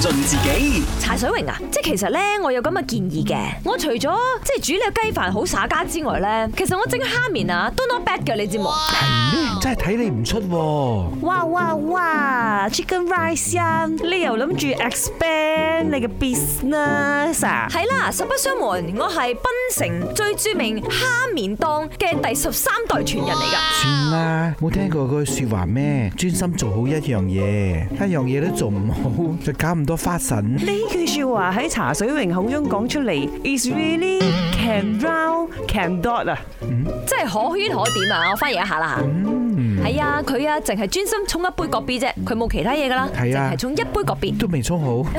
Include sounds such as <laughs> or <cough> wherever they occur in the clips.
盡自己柴水榮啊！即係其實咧，我有咁嘅建議嘅。我除咗即係煮你個雞飯好耍家之外咧，其實我整蝦麵啊，都 not bad 㗎你知冇？係咩？真係睇你唔出。哇哇哇！Chicken rice 因、啊、你又諗住 expand 你嘅 business？係、啊、啦，實不相瞞，我係檳城最著名蝦麵檔嘅第十三代傳人嚟噶。哇算啦，冇聽過句說話咩？專心做好一樣嘢，一樣嘢都做唔好，就搞唔。多花神呢句說話喺茶水榮口中講出嚟，is really can round can dot 啊，即係可圈可點啊，我翻譯一下啦吓。係啊，佢啊淨係專心沖一杯咖啡啫，佢冇其他嘢噶啦。係啊的，係沖一杯咖啡。都未沖好。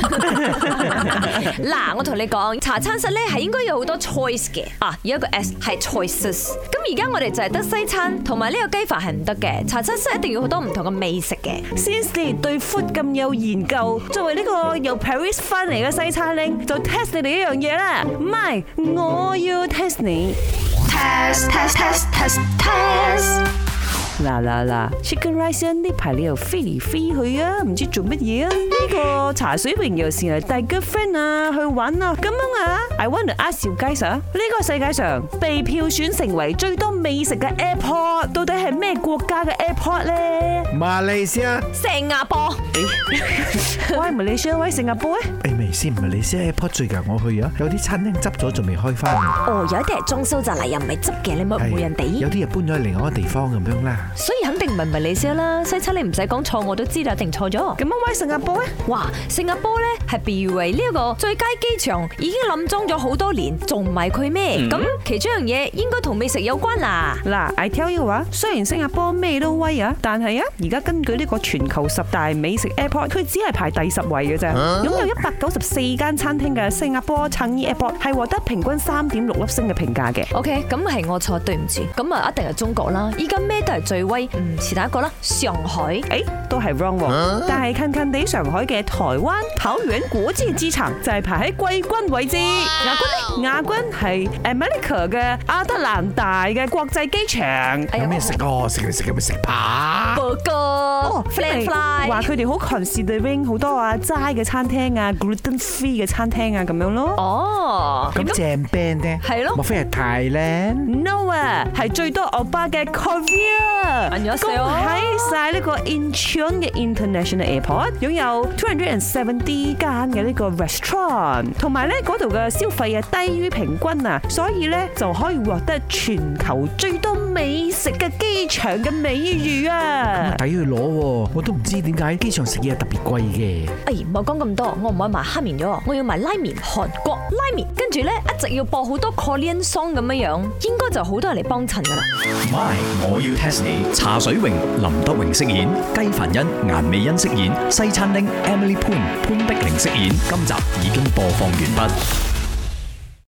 嗱， <laughs> <laughs> 我同你講，茶餐室咧係應該有好多 choice 嘅。啊，有一個 s 係 choices。咁而家我哋就係得西餐同埋呢個雞飯係唔得嘅。茶餐室一定要好多唔同嘅美食嘅。Since 對 food 咁有研究，作為呢個由 Paris 翻嚟嘅西餐呢，就 test 你哋一樣嘢啦。唔係，我要 test 你。Test test test test test。嗱嗱嗱，Chicken Rice，呢排你又飛嚟飛去啊，唔知做乜嘢啊？呢個茶水瓶又試下帶個 friend 啊去玩啊，咁樣啊？I wonder at 小雞上呢個世界上被票選成為最多美食嘅 Airport 到底係咩國家嘅 Airport 咧？馬來西亞、新加坡，Why Malaysia？Why 新加坡？誒，馬來西亞 Airport 最近，我去啊，有啲餐廳執咗仲未開翻，哦，有啲係裝修就嚟又唔係執嘅，你咪誤會人哋。有啲人搬咗去另外一個地方咁樣啦。所以肯定唔係唔係你先啦，西餐你唔使講錯我都知啦，一定錯咗。咁乜威新加坡咧？哇，新加坡咧係被譽為呢個最佳機場，已經冧莊咗好多年，仲唔係佢咩？咁其中一樣嘢應該同美食有關啦。嗱，I tell you 話，雖然新加坡咩都威啊，但係啊，而家根據呢個全球十大美食 Airport，佢只係排第十位嘅啫。擁有一百九十四間餐廳嘅新加坡樟宜 Airport 係獲得平均三點六粒星嘅評價嘅。OK，咁係我錯，對唔住。咁啊，一定係中國啦。依家咩都係最。最威，唔似第一個啦，上海，誒，都係 wrong，但係近近地上海嘅台灣、桃園果嘅之層就係排喺季軍位置。亞軍，亞軍係 America 嘅亞特蘭大嘅國際機場有。有咩食啊？食嘅食嘅咪食扒。哥哥、哦，哦，Fly，話佢哋好羣士嘅 Ring 好多啊齋嘅餐廳啊，Gluten Free 嘅餐廳啊咁樣咯。哦，咁麼正 band 咧，係咯對了。莫非係泰咧？No 啊，係最多歐巴嘅 Korea。講喺晒呢個 Incheon 嘅 International Airport，擁有270間嘅呢個 restaurant，同埋咧嗰度嘅消費啊低於平均啊，所以咧就可以獲得全球最多美食嘅機場嘅美譽啊！咁啊抵去攞喎，我都唔知點解喺機場食嘢係特別貴嘅。哎，唔好講咁多，我唔可以買埋黑麵咗，我要買拉麵，韓國拉麵。跟住咧一直要播好多 Korean song 咁樣樣，應該就好多人嚟幫襯㗎啦。My，我要 test。茶水榮、林德榮飾演，雞凡恩、顏美欣飾演，西餐廳 Emily Poon 潘碧玲飾演。今集已經播放完畢。